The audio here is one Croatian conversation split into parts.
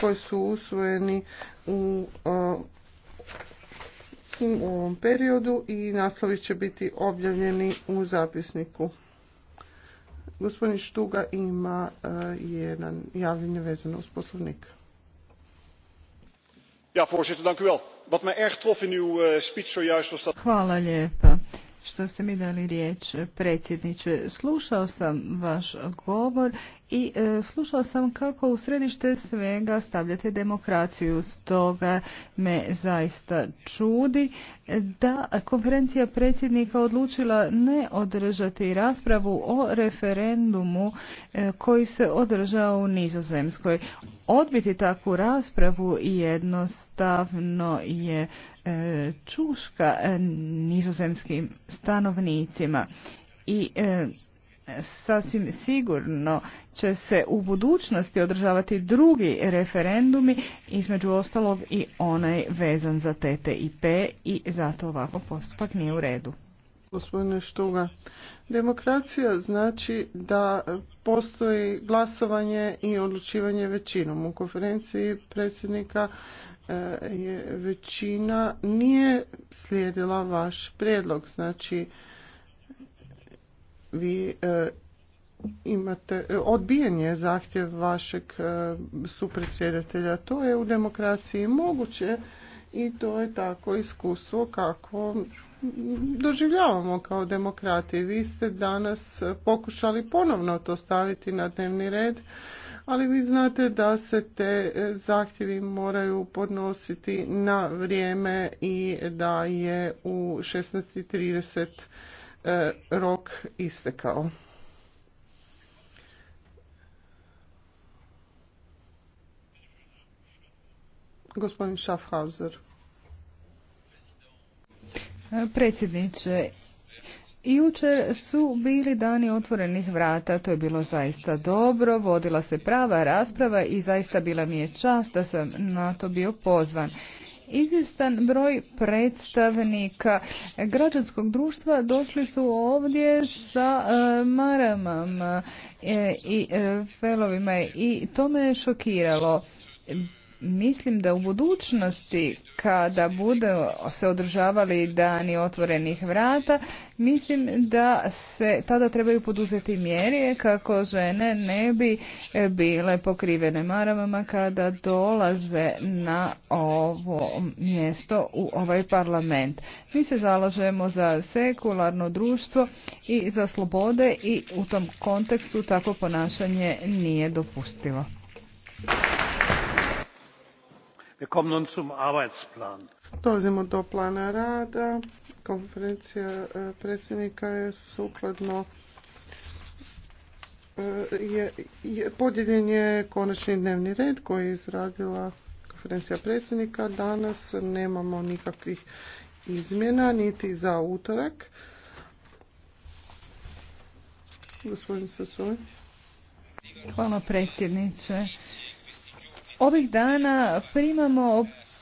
koji su usvojeni u, ovom periodu i naslovi će biti objavljeni u zapisniku. Gospodin Štuga ima jedan javljanje vezano uz poslovnik. Ja, voorzitter, u wel. Wat Hvala lijepa što ste mi dali riječ predsjedniče. Slušao sam vaš govor i e, slušao sam kako u središte svega stavljate demokraciju. Stoga me zaista čudi da konferencija predsjednika odlučila ne održati raspravu o referendumu e, koji se održao u Nizozemskoj. Odbiti takvu raspravu jednostavno je E, čuška e, nizozemskim stanovnicima i e, sasvim sigurno će se u budućnosti održavati drugi referendumi, između ostalog i onaj vezan za TTIP i zato ovako postupak nije u redu gospodine Štuga. Demokracija znači da postoji glasovanje i odlučivanje većinom. U konferenciji predsjednika eh, je većina nije slijedila vaš prijedlog. Znači vi eh, imate eh, odbijanje zahtjev vašeg supredsjedatelja. To je u demokraciji moguće i to je tako iskustvo kako doživljavamo kao demokrati. Vi ste danas pokušali ponovno to staviti na dnevni red, ali vi znate da se te zahtjevi moraju podnositi na vrijeme i da je u 16.30 eh, rok istekao. Gospodin Schaffhauser. E, predsjedniče, Jučer su bili dani otvorenih vrata, to je bilo zaista dobro, vodila se prava rasprava i zaista bila mi je čast da sam na to bio pozvan. Izvjestan broj predstavnika građanskog društva došli su ovdje sa e, maramama e, i e, felovima i to me je šokiralo. Mislim da u budućnosti kada bude se održavali dani otvorenih vrata, mislim da se tada trebaju poduzeti mjere kako žene ne bi e, bile pokrivene maramama kada dolaze na ovo mjesto u ovaj parlament. Mi se zalažemo za sekularno društvo i za slobode i u tom kontekstu takvo ponašanje nije dopustivo. Dolazimo do plana rada. Konferencija e, predsjednika je sukladno e, je, podijeljen je konačni dnevni red koji je izradila konferencija predsjednika. Danas nemamo nikakvih izmjena niti za utorak. Gospodin Hvala predsjedniče. Ovih dana primamo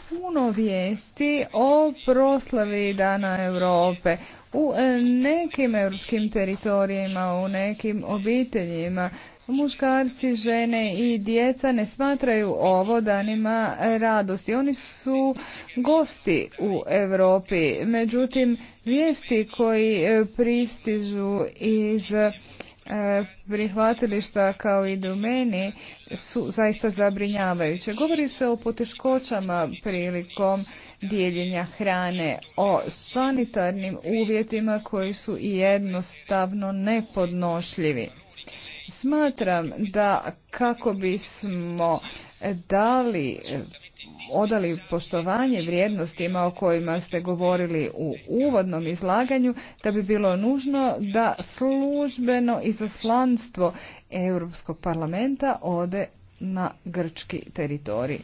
puno vijesti o proslavi Dana Europe. U e, nekim europskim teritorijima, u nekim obiteljima, muškarci, žene i djeca ne smatraju ovo danima radosti. Oni su gosti u Europi. Međutim, vijesti koji e, pristižu iz E, prihvatilišta kao i domeni su zaista zabrinjavajuće. Govori se o poteškoćama prilikom dijeljenja hrane, o sanitarnim uvjetima koji su jednostavno nepodnošljivi. Smatram da kako bismo dali odali poštovanje vrijednostima o kojima ste govorili u uvodnom izlaganju, da bi bilo nužno da službeno izaslanstvo Europskog parlamenta ode na grčki teritorij.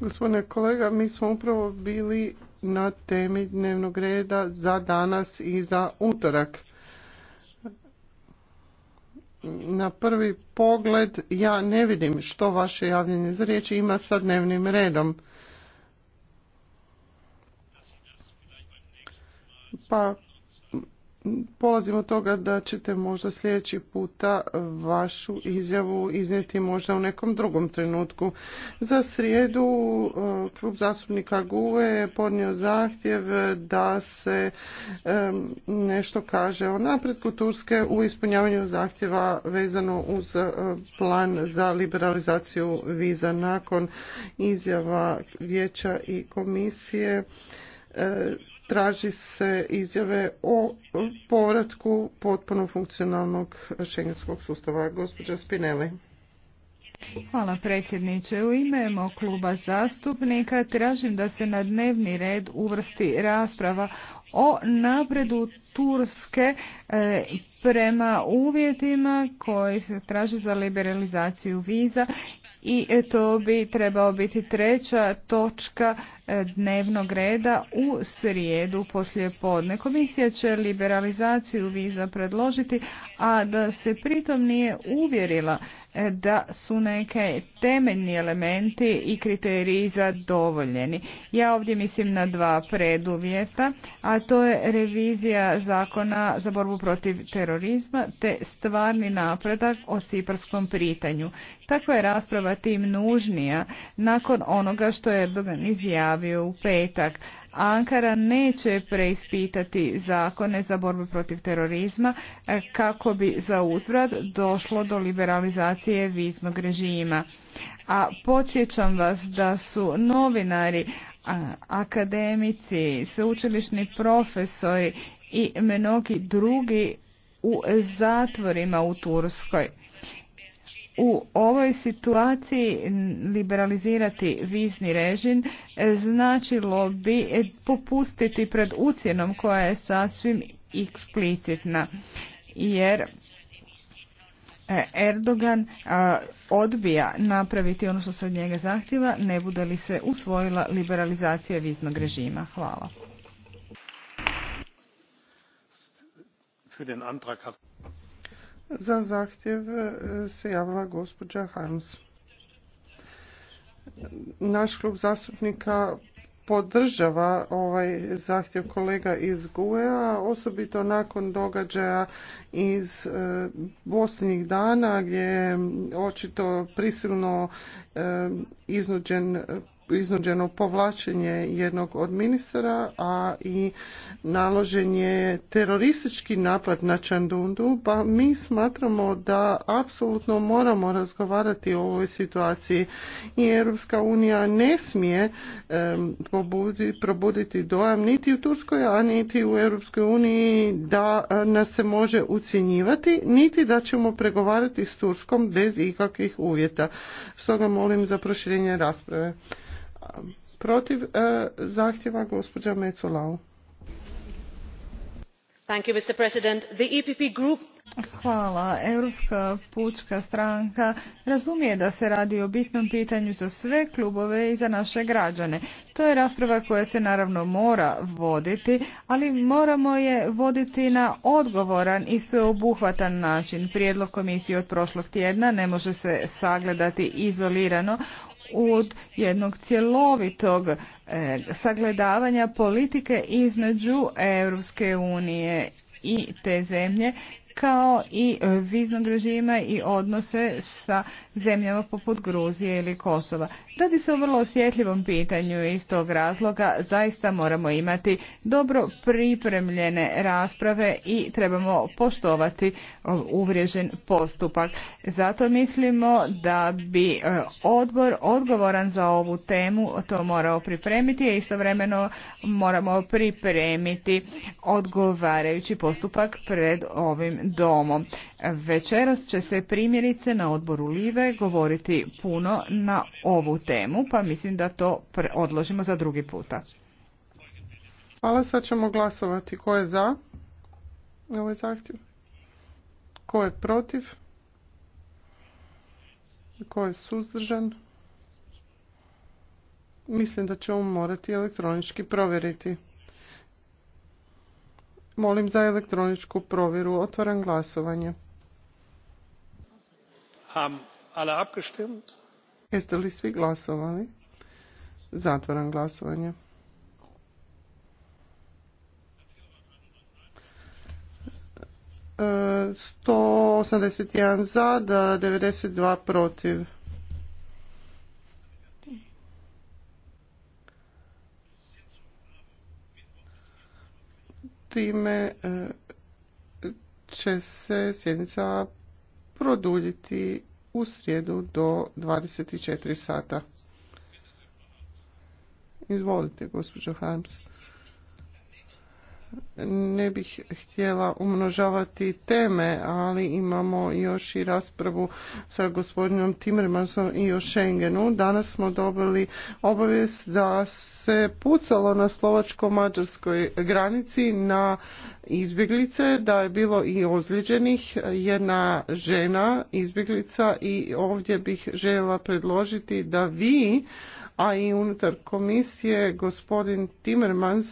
Gospodine kolega, mi smo upravo bili na temi dnevnog reda za danas i za utorak na prvi pogled ja ne vidim što vaše javljanje za riječ ima sa dnevnim redom. Pa Polazimo od toga da ćete možda sljedeći puta vašu izjavu iznijeti možda u nekom drugom trenutku. Za srijedu e, klub zastupnika GUE je podnio zahtjev da se e, nešto kaže o napretku Turske u ispunjavanju zahtjeva vezano uz e, plan za liberalizaciju viza nakon izjava vijeća i komisije traži se izjave o povratku potpuno funkcionalnog šengenskog sustava. Gospođa Spinelli. Hvala predsjedniče. U ime kluba zastupnika tražim da se na dnevni red uvrsti rasprava o napredu Turske e, prema uvjetima koji se traže za liberalizaciju viza i e, to bi trebao biti treća točka e, dnevnog reda u srijedu poslije podne. Komisija će liberalizaciju viza predložiti, a da se pritom nije uvjerila da su neke temeljni elementi i kriteriji zadovoljeni. Ja ovdje mislim na dva preduvjeta, a to je revizija zakona za borbu protiv terorizma te stvarni napredak o ciparskom pritanju. Takva je rasprava tim nužnija nakon onoga što je Erdogan izjavio u petak. Ankara neće preispitati zakone za borbu protiv terorizma e, kako bi za uzvrat došlo do liberalizacije viznog režima. A podsjećam vas da su novinari akademici, sveučilišni profesori i mnogi drugi u zatvorima u Turskoj. U ovoj situaciji liberalizirati vizni režim značilo bi popustiti pred ucjenom koja je sasvim eksplicitna jer E, Erdogan odbija napraviti ono što se od njega zahtjeva, ne bude li se usvojila liberalizacija viznog režima. Hvala. Za zahtjev e, se javila gospođa Harms. Naš klub zastupnika podržava ovaj zahtjev kolega iz GUE-a, osobito nakon događaja iz Bosnih e, dana gdje je očito prisilno e, iznuđen iznuđeno povlačenje jednog od ministara, a i naložen je teroristički napad na Čandundu, pa mi smatramo da apsolutno moramo razgovarati o ovoj situaciji i Europska unija ne smije probuditi dojam niti u Turskoj, a niti u Europskoj uniji da e, nas se može ucjenjivati, niti da ćemo pregovarati s Turskom bez ikakvih uvjeta. Stoga molim za proširenje rasprave protiv e, zahtjeva gospođa Mecolau. E Hvala. Europska pučka stranka razumije da se radi o bitnom pitanju za sve klubove i za naše građane. To je rasprava koja se naravno mora voditi, ali moramo je voditi na odgovoran i sveobuhvatan način. Prijedlog komisije od prošlog tjedna ne može se sagledati izolirano od jednog cjelovitog e, sagledavanja politike između Europske unije i te zemlje kao i e, viznog režima i odnose sa zemljama poput Gruzije ili Kosova. Radi se o vrlo osjetljivom pitanju i iz tog razloga zaista moramo imati dobro pripremljene rasprave i trebamo poštovati e, uvriježen postupak. Zato mislimo da bi e, odbor odgovoran za ovu temu to morao pripremiti i istovremeno moramo pripremiti odgovarajući postupak pred ovim domom. Večeras će se primjerice na odboru Live govoriti puno na ovu temu, pa mislim da to odložimo za drugi puta. Hvala, sad ćemo glasovati. Ko je za ovaj zahtjev? Ko je protiv? Ko je suzdržan? Mislim da ćemo morati elektronički provjeriti. Molim za elektroničku provjeru. Otvaram glasovanje. Jeste li svi glasovali? Zatvaram glasovanje. 181 e, za, da 92 protiv. time e, će se sjednica produljiti u srijedu do 24 sata. Izvolite, gospođo Harmsen ne bih htjela umnožavati teme, ali imamo još i raspravu sa gospodinom Timmermansom i o Schengenu. Danas smo dobili obavijest da se pucalo na slovačko-mađarskoj granici na izbjeglice, da je bilo i ozlijeđenih jedna žena izbjeglica i ovdje bih željela predložiti da vi, a i unutar komisije gospodin Timmermans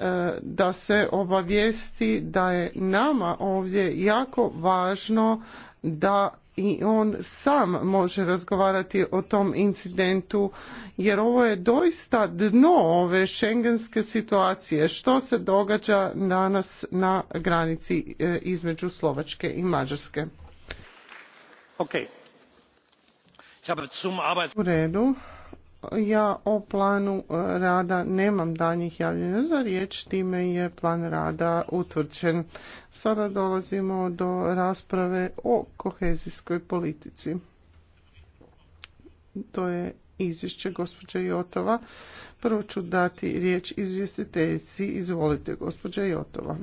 E, da se obavijesti da je nama ovdje jako važno da i on sam može razgovarati o tom incidentu jer ovo je doista dno ove šengenske situacije što se događa danas na granici e, između Slovačke i Mađarske. Okay. U redu ja o planu e, rada nemam danjih javljenja za riječ, time je plan rada utvrđen. Sada dolazimo do rasprave o kohezijskoj politici. To je izvješće gospođa Jotova. Prvo ću dati riječ izvjestiteljici. Izvolite gospođa Jotova.